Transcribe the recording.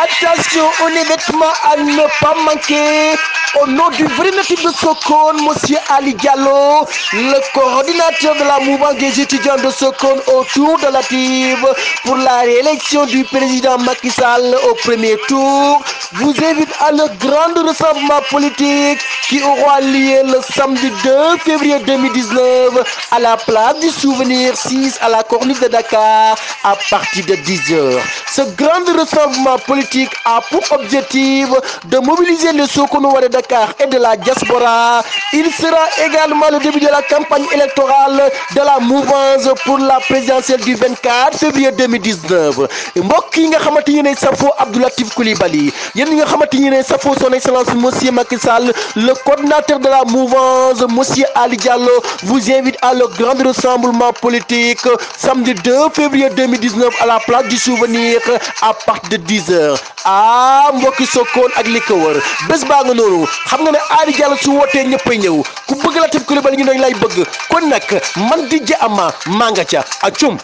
Attention, on est nettement à ne pas manquer. Au nom du vrai de Sokone, Monsieur Ali Gallo, le coordinateur de la mouvement des étudiants de Sokone autour de la pour la réélection du président Macky au premier tour. vous invite à le grand rassemblement politique qui aura lieu le samedi à la place du Souvenir à la Corniche de Dakar à partir de 10h. Ce politique a pour objectif de mobiliser les Sokonois de la diaspora. Il sera le début de la campagne électorale de la mouvance pour la présidentielle du 24 février 2019. mbokk yi nga xamante ne safo Abdou Latif Coulibaly yéen ñi nga xamante ni ne safoo son excellence monsieur Macky Sall le coordinateur de la mouvance monsieur Ali Diallo vous invite à le grand rassemblement politique samedi 2 février 2019 à la place du souvenir à partir de 10 heures ah mbokki Sokone ak li ko wër bés baa nga noonu xam nga ne Ali Diallo su wootee ñëppay ñëw ku bëgg Latif Coulibaly ñu dañ lay bëgg kon nag man di ja ama maa nga ca acum